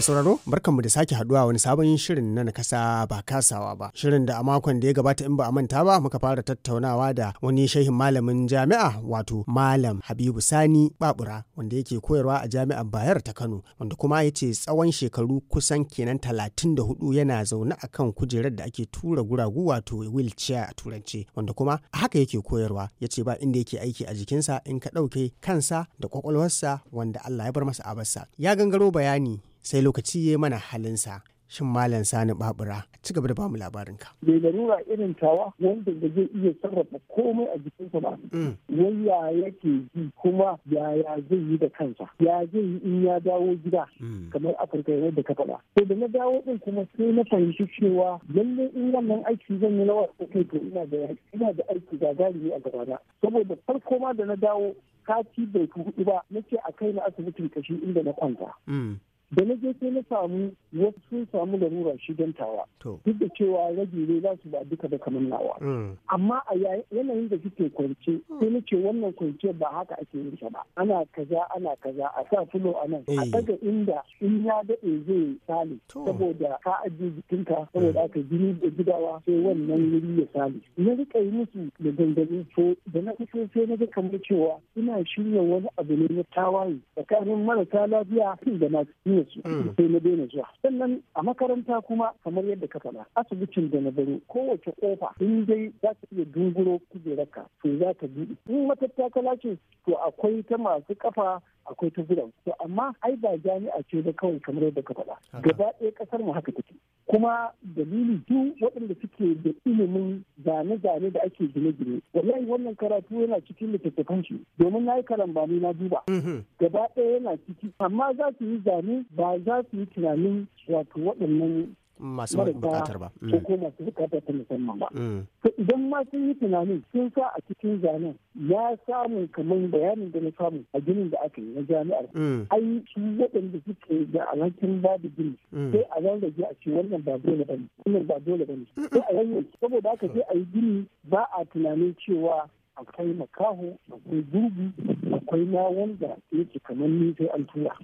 Mai sauraro barkanmu da sake haduwa wani sabon shirin na nakasa ba kasawa ba. Shirin da a makon da ya gabata in ba a manta ba muka fara tattaunawa da wani shehin malamin jami'a wato Malam Habibu Sani Babura wanda yake koyarwa a jami'ar Bayar ta Kano wanda kuma ya ce tsawon shekaru kusan kenan talatin da hudu yana zaune a kan kujerar da ake tura guragu wato wheelchair a turance wanda kuma a haka yake koyarwa ya ce ba inda yake aiki a jikinsa in ka ɗauke kansa da kwakwalwarsa wanda Allah ya bar masa abarsa. Ya gangaro bayani sai lokaci ya mana halinsa shin malam sani babura ci gaba da bamu labarinka. Mai larura irin tawa wanda da zai iya sarrafa komai a jikinsa ba. Mm. Wanda ya yake ji kuma yaya zai yi da kansa. Ya zai yi in ya dawo gida mm. kamar Afirka da kafa faɗa. To da na dawo din kuma sai na fahimci cewa lallai in wannan aiki zan yi na wasu kai to ina da ina da aiki gagarumi a gabana. Saboda farko ma da na dawo kati bai hudu ba na ce a kai na asibitin kashi inda na kwanta. Mm. da na je sai na samu wasu sun samu larura shi don tawa duk da cewa rage ne za su ba duka da kamar nawa mm. amma a yanayin da suke kwance mm. sai na ce wannan kwance ba haka ake yin shi ba ana kaza ana kaza a sa fulo a nan a daga eh. inda in ya daɗe zai sale saboda ka ajiye jikinka saboda aka jini da gidawa sai wannan wuri ya sale na rika yi musu da dangane so. da na fito sai na ga kamar cewa ina shirya wani abu ne na tawaye tsakanin marasa lafiya da masu daina zuwa mm. sai na daina zuwa sannan a makaranta kuma kamar yadda ka faɗa asibitin da na baro kowace kofa in dai za ka iya dunguro kujerarka to za ka bi in matattakala ce to akwai ta masu kafa akwai ta zira to amma ai ba jami'a ce ba kawai kamar yadda ka faɗa gaba ɗaya ƙasar mu haka take kuma dalili biyu waɗanda suke da ilimin zane-zane da ake gine-gine wallahi wannan karatu yana cikin littattafan shi domin na yi karambani na duba mm-hmm. gaba ɗaya yana ciki amma za su yi zane ba za su yi tunanin wato waɗannan masu bukatar ba mm. ko masu bukatar ta musamman ba mm. idan ma sun yi tunanin sun sa a cikin zanen ya samu kamar bayanin da na samu a ginin da aka yi na jami'ar mm. ai shi waɗanda suke da alhakin ba da gini sai a zan rage a ce wannan ba dole ba ne wannan ba dole ba ne sai a yanyan saboda aka je a yi gini ba a tunanin cewa akwai makaho akwai gurbi akwai na wanda yake kamar ni sai an tura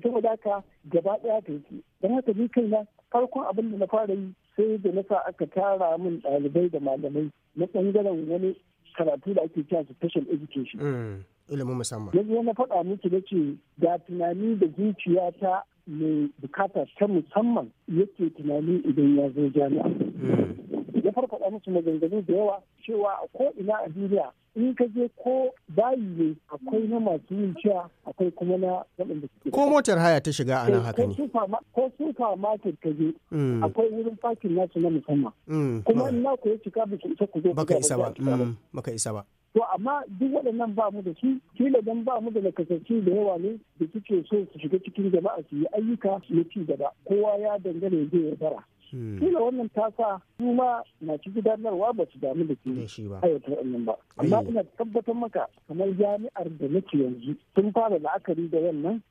to saboda ka gaba daya ta yake don haka ni na farkon abin da na fara yi sai da na sa aka tara min ɗalibai da malamai na ɓangaren wani karatu da ake cewa special education mm, ilimin musamman yanzu na faɗa miki da ce da tunani da zuciya ta mai bukata ta musamman yake tunani idan ya zo jami'a mm. farfaɗa musu maganganu da yawa cewa a ko ina a duniya in ka je ko bayi ne akwai na masu yin ciya akwai kuma na waɗanda suke ko motar haya ta shiga a nan haka ne eh, ko sufa market ka je mm. akwai wurin fakin nasu na musamman mm, kuma mm. ina ku ya cika bisa isa ku zo baka isa ba baka isa ba to amma duk waɗannan ba mu da su kila dan ba mu da nakasassu da yawa ne da suke so su shiga cikin jama'a su yi ayyuka na ci gaba kowa ya dangane zai ya bara Hmm. kila wannan tasa su ma ci gudanarwa ba su damu da ke ayyukan wannan ba amma eh. ina tabbatar maka kamar jami'ar da nake yanzu sun fara la'akari da wannan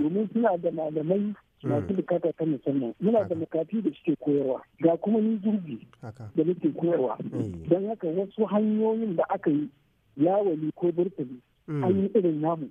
domin suna da malamai hmm. masu bukata ta musamman muna da makafi da suke koyarwa ga kuma ni jirgi da nake koyarwa eh. don haka wasu hanyoyin da aka yi yawali ko burtali hmm. an yi irin namu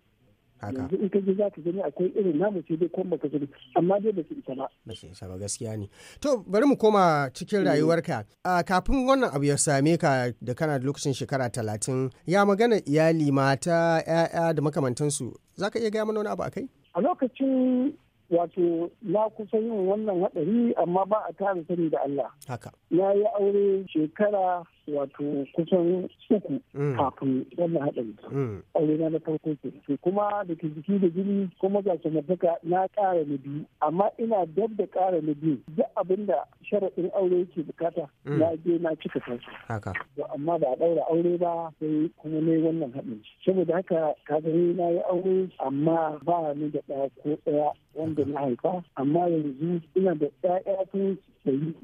yanzu in ka za ka gani akwai irin namu sai dai kuma ka gani amma dai ba su isa ba ba su isa ba gaskiya ne to bari mu koma cikin rayuwarka kafin wannan abu ya same ka da kana da lokacin shekara talatin ya magana iyali mata ya'ya da makamantansu za ka iya gaya mana wani abu akai a lokacin wato na kusa yin wannan hadari amma ba a tara sani da Allah haka na yi aure shekara wato kusan uku mm. kafin wannan haɗari mm. aure na na farko ke kuma da ke jiki da jini kuma ga mafaka na ƙara na biyu amma ina dab da ƙara na biyu duk abin da sharaɗin aure yake bukata mm. na je na cika kansu to amma ba a ɗaura aure ba sai kuma ne wannan haɗin saboda haka ka gani na yi aure amma ba ni da ɗaya ko ɗaya wanda na haifa amma yanzu ina da ɗaya ɗaya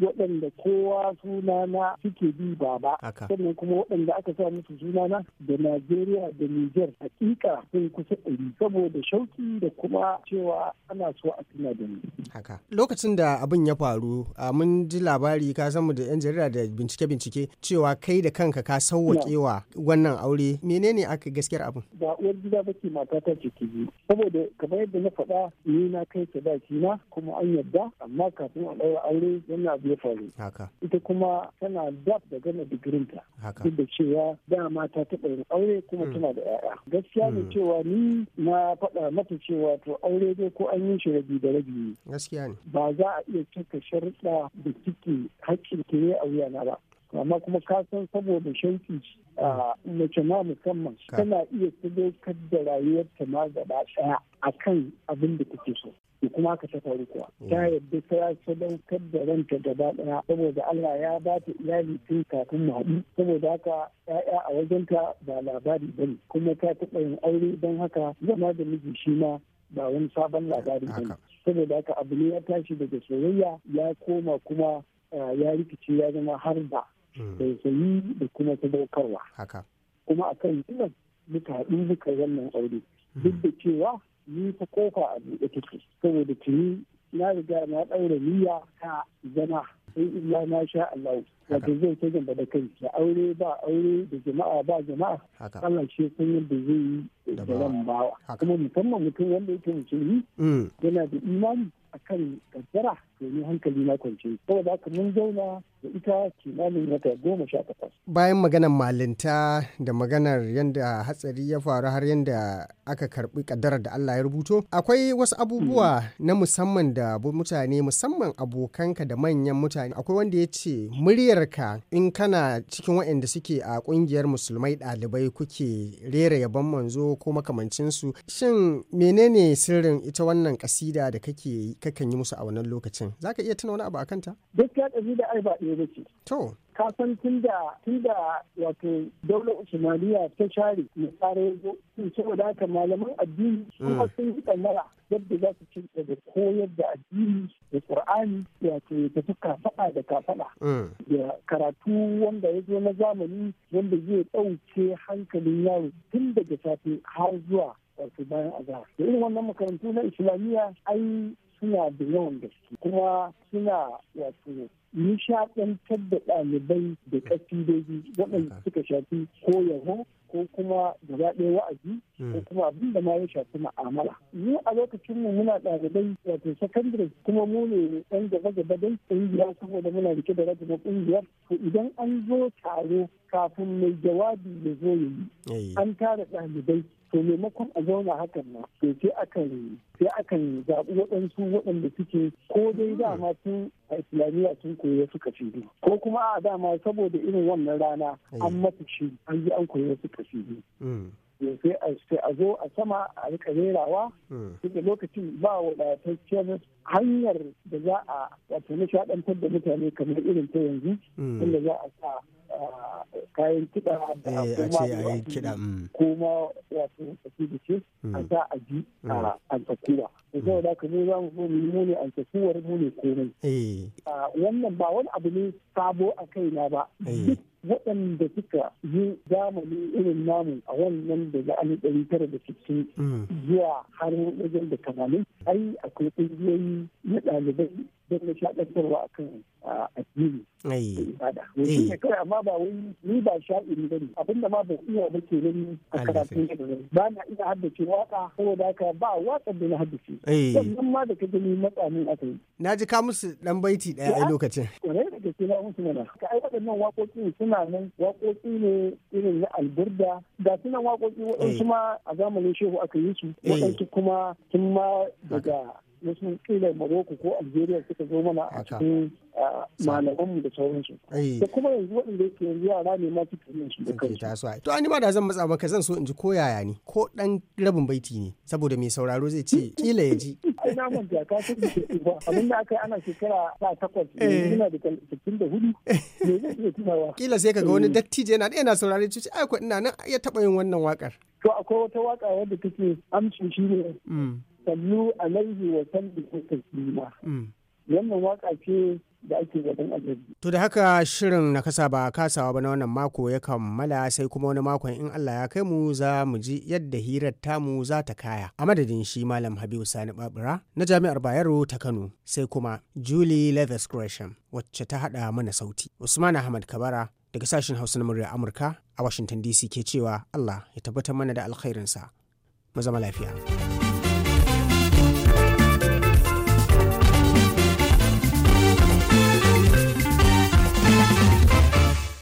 waɗanda kowa sunana suke bi ba ba sannan kuma waɗanda aka sa musu sunana da najeriya da niger hakika sun kusa ɗari saboda shauki da kuma cewa ana so a tuna da ni haka lokacin da abin ya faru mun ji labari ka san mu da yan jarida da bincike-bincike cewa kai da kanka ka wa wannan aure menene aka gaskiyar abin ba uwar gida ba ce mata ta ce ki saboda kamar yadda na faɗa ni na kai sadaki na kuma an yadda. amma kafin a ɗaura aure Yana abu ya faru ita kuma tana daf da gama digirinta duk da cewa dama ta taɓa yin aure kuma mm. tana da ƴaƴa. gaskiya ne mm. cewa ni na faɗa mata cewa to aure dai ko an yi shi rabi da rabi ne ba za a iya cika sharuɗa da kike hakkin ta yi a wuyana ba amma kuma ka san saboda shauki a mace ma musamman tana iya sadaukar da rayuwarta ma gaba daya kan abin da take so da kuma aka ta faru kuwa mm. ta yadda ta ya sadaukar da ranta gaba daya saboda Allah ya ba ta iyali tun kafin mu haɗu saboda haka ya'ya a wajenta ba labari bane kuma ta taɓa yin aure don haka zama da miji shi ma ba wani sabon labari bane saboda haka abu ne ya tashi daga soyayya ya koma kuma ya rikice ya zama har ba tausayi mm. eh, da kuma sadaukarwa kuma a kan wannan muka haɗu muka wannan aure mm. duk da cewa ni ta kofa a buɗe take saboda tuni na riga na ɗaura niyya ta zama sai illa na sha Allah wato zai ta zamba da kai da aure ba aure da jama'a ba jama'a Allah shi san yadda zai yi da ran bawa kuma musamman mutum wanda yake musulmi mm. yana da imani akan kaddara domin hankali na kwance saboda haka mun zauna da ita kimanin wata goma sha takwas. bayan maganar malinta da maganar yadda hatsari ya faru har yadda aka karbi kadarar da Allah ya rubuto akwai wasu abubuwa hmm. na musamman da mutane musamman abokanka da manyan mutane akwai wanda ya ce muryarka in kana cikin waɗanda suke a ƙungiyar musulmai ɗalibai kuke rera yabon manzo ko makamancinsu shin menene sirrin ita wannan kasida da kake kakan yi musu a wannan lokacin za ka iya tuna wani abu a kanta? gaskiya ɗari da ai ba ɗaya ba ce. to ka san tun da wato daular usmaniya ta share mai tsara yanzu sun saboda haka malaman addini kuma mm. sun yi ɗanara yadda za su ci da koyar da addini da qur'ani wato ta fi kafaɗa da kafaɗa mm. da karatu wanda ya zo na zamani wanda zai ɗauke hankalin yaro tun daga safe har zuwa wato bayan azahar da irin wannan makarantu na islamiyya ai suna da yawan gaske kuma suna wato nishaɗantar da ɗalibai da ƙasidoji waɗanda mm. suka shafi ko yaho ko kuma gaba ɗaya wa'azi mm. ko kuma abin da ma ya shafi ma'amala. Mu a lokacin mu muna ɗalibai wato sakandare. kuma mu ne ɗan gaba gaba don ƙungiya saboda muna rike da rajin ƙungiyar. To idan an zo taro kafin mai jawabi ya zo ya yi an tara ɗalibai to maimakon a zauna hakan na to sai akan sai akan zaɓi waɗansu waɗanda suke ko dai hmm. dama sun a islamiyya sun koyi suka kasidu ko kuma a dama saboda irin wannan rana an mata shi an yi an koyi su kasidu hmm. sai a zo a sama a rika rerawa hmm. da lokacin ba wadataccen hanyar da za a wato nishaɗantar da mutane kamar irin ta yanzu inda za a sa kayan kiɗa da eh, kuma mm. kuma wasu ce da a mm. sa a ji a tsakura mm. to saboda haka mu za mu so mu ne an mu ne komai eh. wannan ba wani abu ne sabo a kai na ba eh. waɗanda suka yi zamani irin namu a wannan da za a yi ɗari tara da sittin mm. zuwa har wajen da kamanin. ai akwai ƙungiyoyi na ɗalibai don nishaɗantarwa a kan addini eh. ibada. kawai amma ba wai ni ba sha'iri ba ne abin da ma ba iya ba ke nan a karatun yadda ba na iya haddace waƙa da ka ba waƙar da na haddace. sannan eh. ma da ka gani matsamin aka Na ji ka musu dan baiti ɗaya a lokacin. Kwarai da ke na musu mana. Ka ai waɗannan waƙoƙi suna nan waƙoƙi ne irin na alburda ga sunan waƙoƙi waɗansu eh. ma a zamanin shehu aka yi su eh. waɗansu kuma sun ma daga wasu kila maroko ko Algeria suka zo mana a cikin malaman da sauransu. Da kuma yanzu waɗanda yake yanzu yara ne ma suka yin su da kansu. To an ma da zan matsa maka zan so in ji ko yaya ne ko ɗan rabin baiti ne saboda mai sauraro zai ce kila ya ji. Ai na manta ka san da ba abin da aka yi ana shekara ta takwas eh. ina da sittin da hudu me zai iya tunawa. Kila sai ka ga wani eh. dattijo yana ɗaya na saurare ce ai ko ina nan ya taɓa yin wannan waƙar. To akwai wata waƙa wadda take amshi shi ne. Mm. sallu alaihi wa ko taslima mm. wannan waka ce da ake gaban ajabi. To da haka shirin na kasa ba kasawa ba na wannan mako ya kammala sai kuma wani makon in Allah ya kai mu za mu ji yadda hirar tamu za ta kaya. A madadin shi Malam Habibu Sani Babura na Jami'ar Bayero ta Kano sai kuma Julie Leathers Gresham wacce ta haɗa mana sauti. Usman Ahmad Kabara daga sashen Hausa na murya Amurka a Washington DC ke cewa Allah ya tabbatar mana da alkhairinsa. Mu zama lafiya.